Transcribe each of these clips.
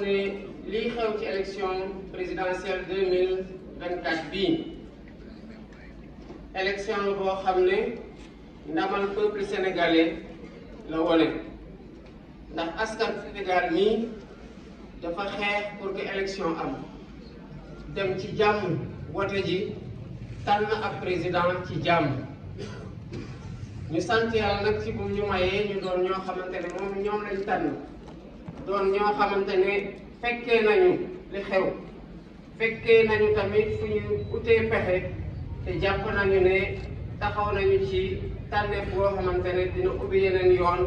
ne lii xew ci élection présidentielle deux mille vingt quatre bii élection boo xam ne ndamal peuple sénégalais la wone ndax askan Sénégal nii dafa xeex pour que élection am dem ci jàmm wote ji tànn ak président ci jàmm ñu sant yàlla nag ci bu ñu mayee ñu doon ñoo xamante ne moom ñoom lañ tànn. doon ñoo xamante ne fekkee nañu li xew fekkee nañu tamit fu ñu utee pexe te jàpp nañu ne taxaw nañu ci tànneef boo xamante ne dina ubbi yeneen yoon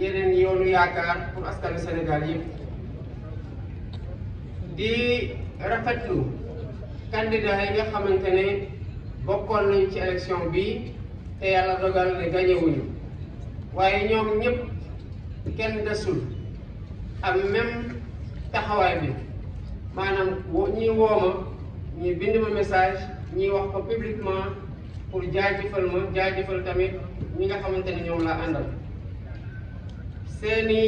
yeneen yoonu yaakaar pour askanu Sénégal yëpp di rafetlu yi nga xamante ne bokkoon nañ ci élection bi te yàlla dogal ne gañewuñu waaye ñoom ñëpp kenn desul ak même taxawaay bi maanaam ñii woo ma ñii bind ma message ñii wax ko publiquement pour jaajëfal ma jaajëfal tamit ñi nga xamante ne ñoom laa àndal seeni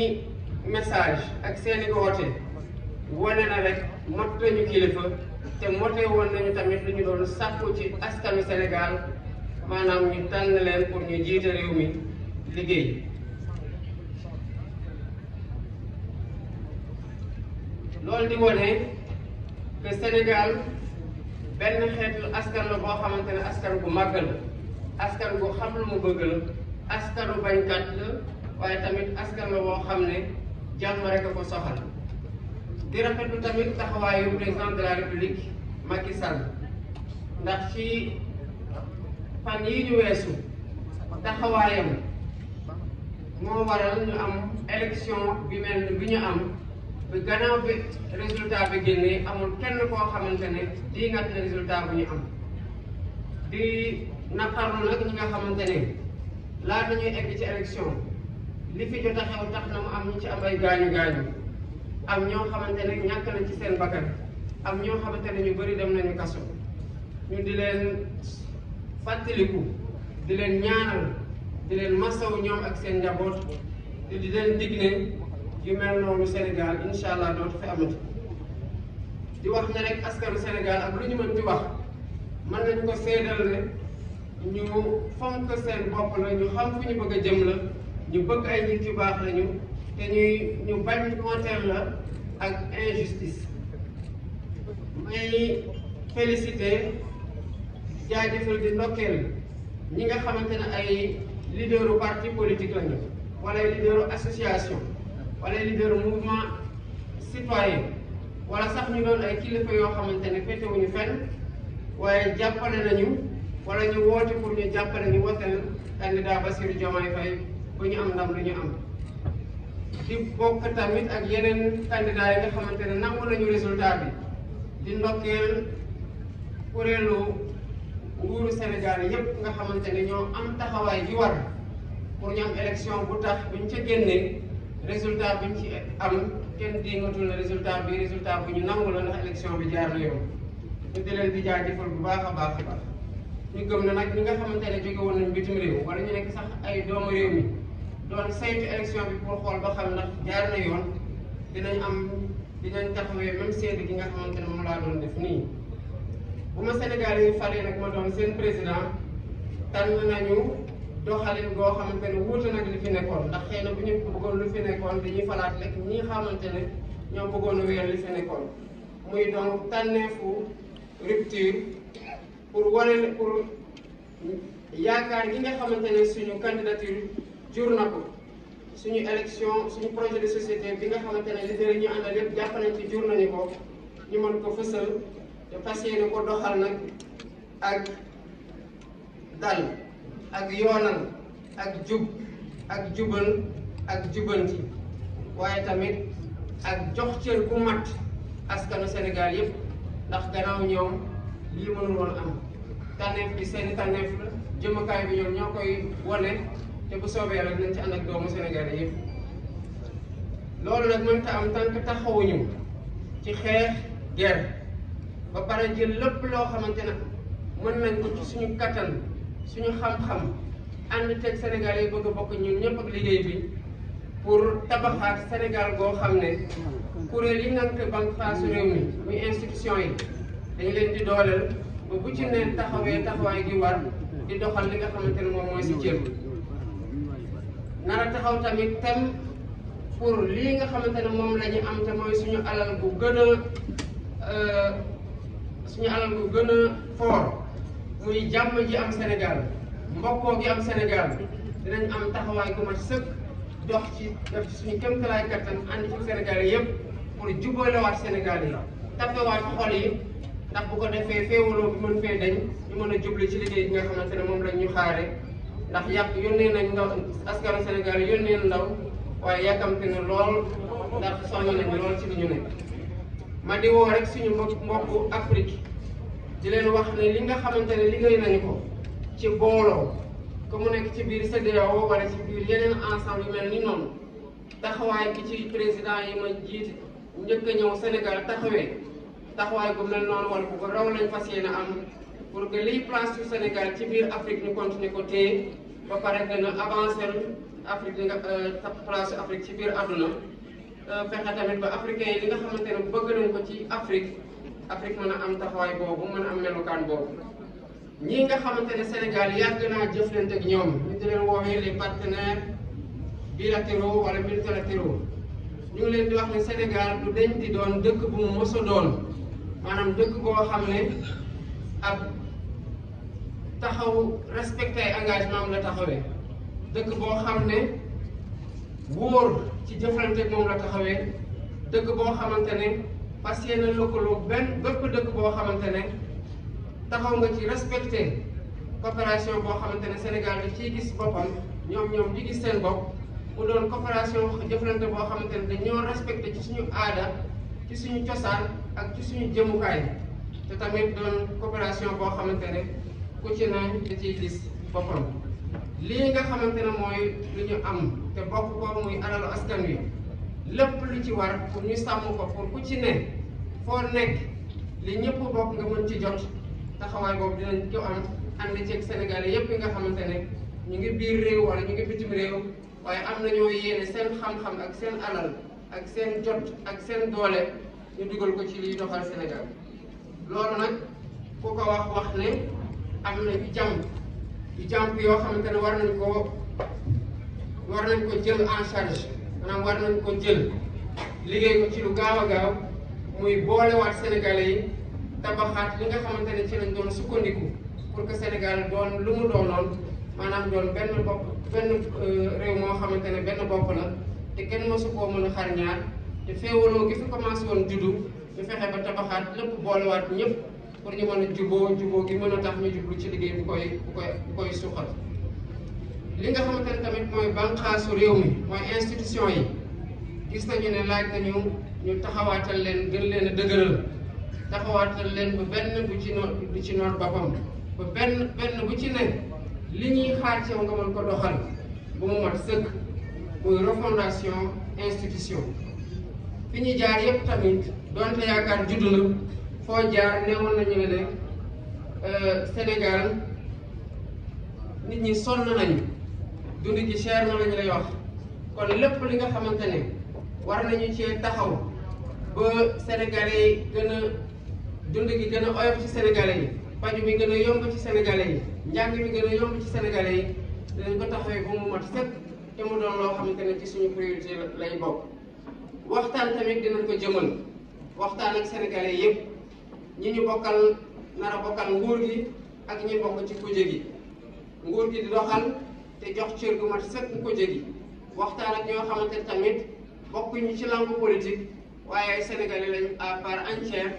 message ak seeni woote wane na rek mot nañu kilifa te motee woon nañu tamit lu ñu doon sàkku ci askanu Sénégal maanaam ñu tànn leen pour ñu jiite réew mi liggéey loolu di wane que Sénégal benn xeetu askan la boo xamante ne askan bu màgg la askan bu xam lu mu bëgg la askanu bañkat la waaye tamit askan la boo xam ne jàmm rek a ko soxal di rafetlu tamit taxawaayu président de la république Macky ndax ci fan yii ñu weesu taxawaayam moo waral ñu am élection bi mel bi ñu am. bi gannaaw bi résultat bi génnee amul kenn koo xamante ne di nga ne résultat bu ñu am di naqarlu nag ñi nga xamante ne laata ñuy egg ci élection li fi jot a xew tax na mu am ñu ci am ay gaañu gaañu am ñoo xamante ne ñàkk nañ ci seen bakkan am ñoo xamante ne ñu bëri dem nañu kaso ñu di leen fàttaliku di leen ñaanal di leen masaw ñoom ak seen njaboot di leen dig ne yu mel noonu Sénégal incha allah dootu fi di wax ne rek askanu Sénégal ak lu ñu mën di wax mën nañu ko seedal ne ñu fonk seen bopp la ñu xam fu ñu bëgg a jëm la ñu bëgg ay nit yu baax nañu te ñuy ñu bañ contraire na ak injustice may félicité jaajëfal di ndokkeel ñi nga xamante ay leaderu parti politique lañu wala ay leaderu association wala leader mouvement citoyen wala sax ñu doon ay kilifa yoo xamante ni féetewuñu fenn waaye jàppale nañu wala ñu woote pour ñu jàppale ñu woteel candidat Bassirou Diomaye Faye ba ñu am ndam lu ñu am di bokk tamit ak yeneen candidat yi nga xamante ne nangu nañu résultat bi di ndokkeel kuréelu nguuru Sénégal yépp nga xamante ne ñoo am taxawaay ji war pour ñu am élection bu tax buñ ca génnee résultat buñ ci am kenn déngatul na résultat bi résultat bu ñu nangu la ndax élection bi jaar na yoon ñu di leen di jaajëfal bu baax a baax a baax ñu gëm nag ñi nga xamante ne jóge woon nañ bitim réew wala ñu nekk sax ay doomu réew doon saytu élection bi pour xool ba xam ndax jaar na yoon dinañ am dinañ taxawee même seede gi nga xamante ne moom laa doon def nii bu ma Sénégal yi falee nag ma doon seen président tànn nañu doxalin goo xamante ne wuute nag li fi nekkoon ndax xëy na bu ñu bëggoon lu fi nekkoon dañuy falaat rek ñi xamante ne ñoo bëggoon a wéyal li fi nekkoon muy donc tànneefu rupture pour wane pour yaakaar yi nga xamante ne suñu candidature jur na ko suñu élection suñu projet de société bi nga xamante ne leader yi ñu àndal yëpp jàpp nañ ci jur nañu ko ñu mën ko fësal te fas yéene ko doxal nag ak dal ak yoonal ak jub ak jubal ak jubanti waaye tamit ak jox cër ku mat askanu Sénégal yëpp ndax gannaaw ñoom lii mënul woon am tànneef bi seeni tànneef la jëmukaay bi ñoom ñoo koy wane te bu soobee rek nañ ci ànd ak doomu Sénégal yëpp loolu nag mënta am tànk taxawuñu ci xeex guerre ba pare jël lépp loo xamante ne mën nañ ko ci suñu kattan. suñu xam-xam ànd teg Sénégal yi bëgg bokk ñun ñëpp ak liggéey bi pour tabaxaat Sénégal goo xam ne kuréel yi ngànk bànqaasu réew mi muy institution yi dañu leen di dooleel ba bu ci ne taxawee taxawaay gi war di doxal li nga xamante ne moom mooy si cër nar a taxaw tamit tem pour lii nga xamante ne moom la am te mooy suñu alal bu gën a euh, suñu alal bu gën a fort muy jàmm ji am Sénégal mbokkoo gi am Sénégal dinañ am taxawaay gu mat sëkk dox ci def ci suñu kéemtalaay kattan ànd ci Sénégal yi yëpp pour jubalewaat Sénégal yi tapewaat xol yi ndax bu ko defee féewaloo bi mën fee dañ ñu mën a jubli ci liggéey bi nga xamante ne moom lañ ñu xaare ndax yàq yónnee nañ ndaw askanu Sénégal yónnee ndaw waaye yàkkamte na lool ndax soññ nañ lool ci li ñu nekk ma di woo rek suñu mbokku Afrique di leen wax ne li nga xamante ne liggéey nañu ko ci booloo que mu nekk ci biir CEDEAO wala ci biir yeneen ensemble yu mel ni noonu taxawaay ki ci président yi ma jiite njëkk a ñëw Sénégal taxawee taxawaay bu mel noonu wala bu ko raw lañ fas yéene am pour que liy place su ci biir Afrique ñu continuer ko téye ba pare gën a avancer Afrique nga euh, place su Afrique ci biir àdduna euh, fexe tamit ba africain yi li nga xamante ne bëgg nañ ko ci Afrique. Afrique mën a am taxawaay boobu mën a am melokaan boobu ñii nga xamante ne Sénégal yàgg naa jëflante ak ñoom ñu di leen woowee les partenaires bilatéraux wala multilatéraux ñu leen di wax ne Sénégal du dañ di doon dëkk bu mu mos doon maanaam dëkk boo xam ne ak taxaw respecté engagement la taxawee dëkk boo xam ne wóor ci jëflante ak moom la taxawee dëkk boo xamante ne. a yéene lëkkaloo benn bépp dëkk boo xamante ne taxaw nga ci respecté coopération boo xamante ne Sénégal daf ciy gis boppam ñoom ñoom di gis seen bopp mu doon coopération jëflante boo xamante ne dañoo respecté ci suñu aada ci suñu cosaan ak ci suñu jëmukaay te tamit doon coopération boo xamante ne ku ci na da ciy gis boppam lii nga xamante ne mooy lu ñu am te bokk ko muy alalu askan wi lépp lu ci war pour ñu sàmm ko ku ci ne foo nekk li ñëpp bokk nga mën ci jot taxawaay boobu dinañ ko am ànd senegal Sénégalais yépp yi nga xamante ne ñu ngi biir réew wala ñu ngi bitim réew waaye am nañoo yéene seen xam-xam ak seen alal ak seen jot ak seen doole ñu dugal ko ci li doxal Sénégal loolu nag ku ko wax wax ne am na yu jàmp yu jàmp yoo xamante ne war nañ ko war nañ ko jël en charge a war nañ ko jël liggéey ko ci lu gaaw a gaaw muy waat sénégalais yi tabaxaat li nga xamante ne ci lañ doon sukkandiku pour que Sénégal doon lu mu doonoon maanaam doon benn bopp benn euh, réew moo xamante ne benn bopp la te kenn mosu koo mën a xar ñaar te féewaloo gi fi commencé woon juddu ñu fexe ba tabaxaat lépp boolewaat ñëpp pour ñu mën a juboo juboo gi mën a tax ñu jublu ci liggéey bu koy bu koy bu koy li nga xamante ne tamit mooy banqaasu réew mi mooy institution yi. gis nañu ne laaj nañu ñu taxawaatal leen gën leen a dëgëral taxawaatal leen ba benn bu ci noor bu ci boppam ba benn benn bu ci ne li ñuy xaar yow nga mën ko doxal ba mu mat sëkk muy refondation institution fi ñu jaar yépp tamit donte yaakaar juddu na foo jaar newoon nañu ne euh, Sénégal nit ñi sonn nañu dund gi cher na lañu lay wax kon lépp li nga xamante ne war nañu cee taxaw ba sénégalais yi gën a dund gi gën a oyof ci sénégalais yi paju mi gën a yomb ci sénégalais yi njàng mi gën a yomb ci sénégalais yi dinañ ko taxawee ba mu mat sëkk te mu doon loo xamante ne ci suñu priorité lay bokk waxtaan tamit ko jëmal waxtaan ak sénégalais yëpp ñi ñu bokkal nar a bokkal nguur gi ak ñi bokk ci kuje gi nguur gi di doxal te jox cër gu mat sëkk kuje gi waxtaan ak ñoo xamante tamit bokkuñu ci langue politique waaye ay sénégalais lañ à part entière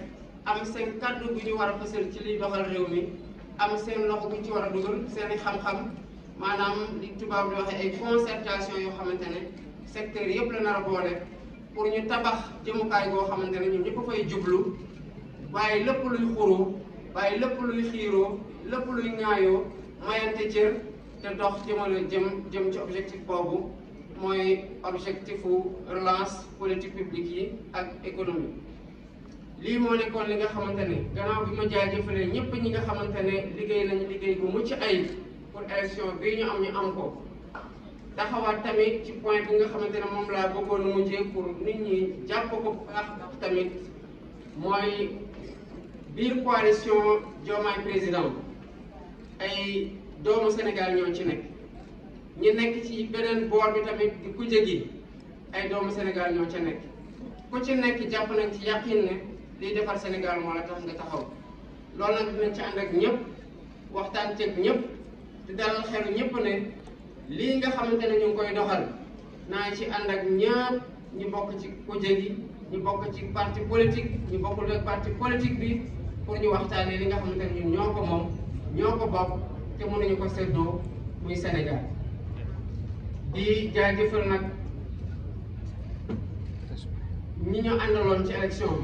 am seen kàddu gu ñu war a fësal ci liy doxal réew mi am seen loxo gu ci war a dugal seen i xam-xam maanaam li tubaab di waxee ay concertation yoo xamante ne secteur yëpp la nar a boole pour ñu tabax jëmukaay goo xamante ne ñun ñëpp fay jublu waaye lépp luy xuroo waaye lépp luy xiiroo lépp luy ŋaayoo mayante cër te dox jëmale jëm jëm ci objectif boobu. mooy objectifu relance politique publique yi ak économie lii moo nekkoon li nga xamante ne gannaaw bi ma jaajëfalee ñëpp ñi nga xamante ne liggéey nañu liggéey bu ci ay pour élection bii ñu am ñu am ko taxawaat tamit ci point bi nga xamante ne moom laa bëggoon mu mujjee pour nit ñi jàpp ko bu baax tamit mooy biir coalition Diomaye président ay doomu Sénégal ñoo ci nekk. ñi nekk ci beneen boor bi tamit di ku jegi ay doomu Sénégal ñoo ca nekk ku ci nekk jàpp nañ ci yàqin ne liy defar Sénégal moo la tax nga taxaw loolu nag dinañ ci ñëpp waxtaan ceeg ñëpp te dalal ñëpp ne lii nga xamante ne ñu ngi koy doxal naa ci ànd ak ñëpp ñu bokk ci ku jegi ñu bokk ci parti politique ñu bokkul ak parti politique bi pour ñu waxtaanee li nga xamante ne ñun ñoo ko moom ñoo ko bokk te nañu ko séddoo muy Sénégal. di jaajëfal nag ñi ñu àndaloon ci élection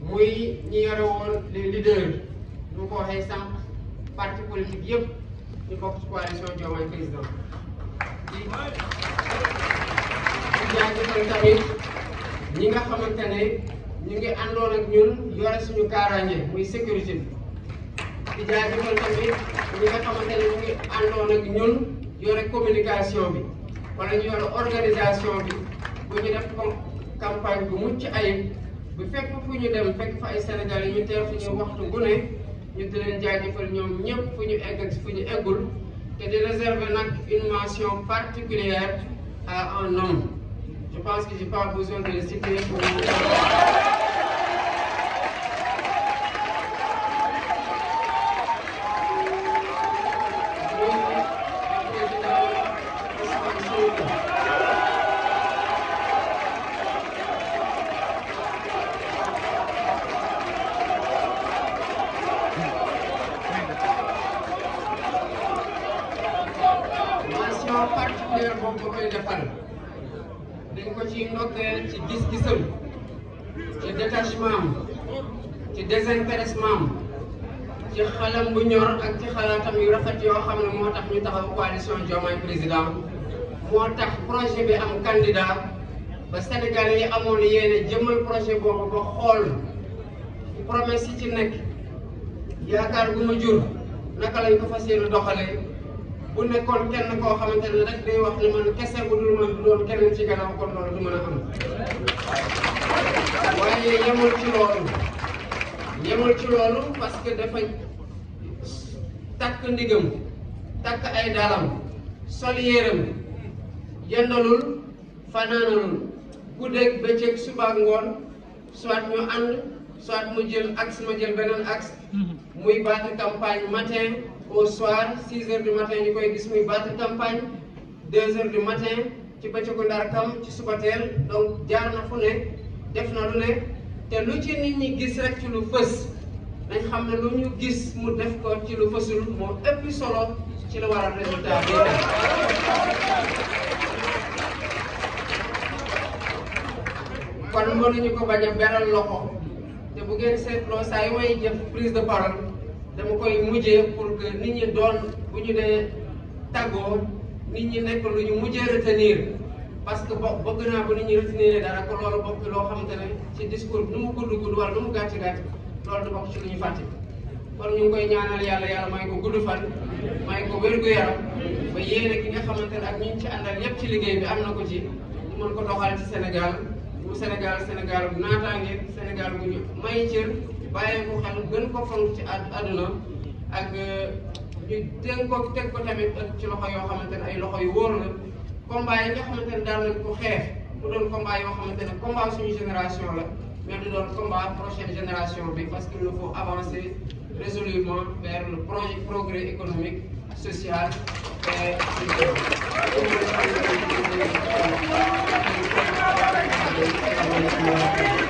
muy ñi yore woon les leaders ñu ko waxee sànq parti politique yëpp ñu bokk ci coalition Diomaye président di jaajëfal tamit ñi nga xamante ne ñu ngi àndoon ak ñun yore suñu kaaraange muy sécurité bi di jaajëfal tamit ñi nga xamante ne ñu ngi àndoon ak ñun. yore communication bi wala ñu yore organisation bi bu ñu def campagne bu mucc ayib bu fekk fu ñu dem fekk fa ay Sénégal yi ñu teew suñu waxtu bu ne ñu di leen jaajëfal ñoom ñëpp fu ñu egg fu ñu eggul te di réserver nag une mention particulière à un homme je pense que j'ai pas besoin de le ci xalam bu ñor ak ci xalaatam yu rafet yoo xam ne moo tax ñu taxaw coalition Diomaye président moo tax projet bi am candidat ba Sénégal yi amoon yéene jëmmal projet boobu ba xool promesse yi ci nekk yaakaar bu ma jur naka lañ ko fas yéene doxalee bu nekkoon kenn koo xamante ne rek day wax ne man kese bu dul man doon keneen ci gannaaw kon du mën a am waaye yemul ci loolu. yemul ci loolu parce que dafa takk ndigam takk ay dalam sol yéeram yendalul fanaanalul guddeeg bëccëg suba ngoon soit ñu ànd soit mu jël axe ma jël beneen axe muy battre campagne matin au soir six heures du matin ñu koy gis muy battre campagne deux heures du matin ci bëccëgu ndar kam ci suba donc jaar na fu ne def na lu ne te lu ci nit ñi gis rek ci lu fës xam ne lu ñu gis mu def ko ci lu fësul moo ëpp solo ci la waral résultat bi kon mënuñu ko bañ a beral loxo te bu ngeen seetloo saa yu may jëf prise de parole dama koy mujjee pour que nit ñi doon bu ñu dee tàggoo nit ñi nekk lu ñu mujjee retenir parce que bo bëgg naa bu nit ñi retenir dara ko loolu bokk loo xamante ne ci discours bi nu mu gudd gudd wala nu mu gàtt gàtt loolu du bokk ci lu ñu fàtte kon ñu ngi koy ñaanal yàlla yàlla may ko gudd fan may ko wér gu yaram ba yéene ki nga xamante ne ak ñu ci àndal yépp ci liggéey bi am na ko ci ñu mën ko doxal ci Sénégal bu Sénégal Sénégal bu naataange Sénégal bu ñu may cër bàyyi ko xel gën ko fonk ci àdduna ak euh, ñu teg ko teg ko tamit ci loxo yoo xamante ne ay loxo yu combat yi nga xamante ne daan ko xeex mu doon combat yoo xamante ne combat suñu génération la mais du doon combat prochaine génération bi parce qu'il faut avancer résolument vers le projet progrès économique social et culturel